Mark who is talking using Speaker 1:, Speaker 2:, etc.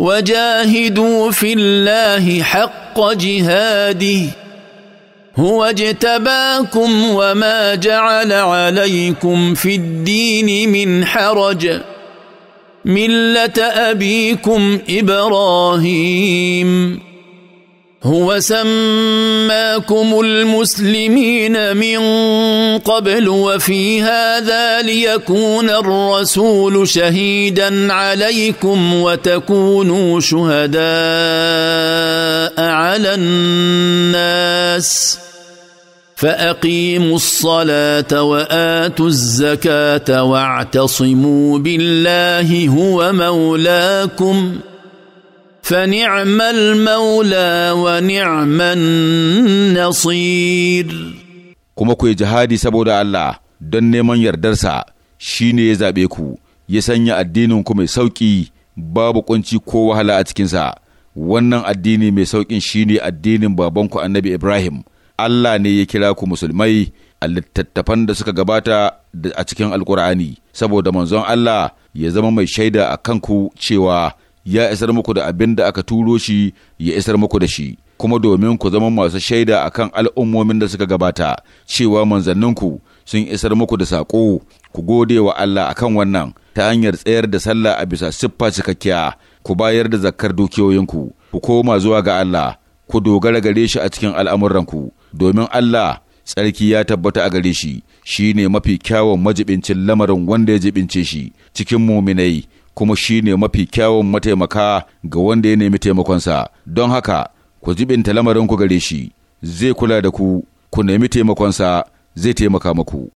Speaker 1: وجاهدوا في الله حق جهاده هو اجتباكم وما جعل عليكم في الدين من حرج مله ابيكم ابراهيم هو سماكم المسلمين من قبل وفي هذا ليكون الرسول شهيدا عليكم وتكونوا شهداء على الناس فاقيموا الصلاه واتوا الزكاه واعتصموا بالله هو مولاكم فنعم المولى ونعم
Speaker 2: النصير kuma ku yi jihadi saboda Allah don neman yardarsa shi ne ya zaɓe ku ya sanya addininku mai sauƙi babu ƙunci ko wahala a cikinsa wannan addini mai sauƙin shi ne addinin babanku annabi Ibrahim Allah ne ya kira ku musulmai a littattafan da suka gabata a cikin alkur'ani saboda manzon Allah ya zama mai shaida a kanku cewa ya isar muku da abin da aka turo shi ya isar muku da shi kuma domin ku zama masu shaida a kan al'ummomin da suka gabata cewa manzanninku sun isar muku da saƙo ku gode wa Allah a kan wannan ta hanyar tsayar da sallah a bisa siffa cikakkiya ku bayar da zakkar dukiyoyinku ku koma zuwa ga Allah ku dogara gare shi a cikin al'amuranku domin Allah tsarki ya tabbata a gare shi shi ne mafi kyawun majibincin lamarin wanda ya jibince shi cikin muminai kuma shi ne mafi kyawun mataimaka ga wanda ya nemi taimakonsa don haka ku jibinta ku gare shi zai kula da ku ku nemi taimakonsa zai taimaka maku.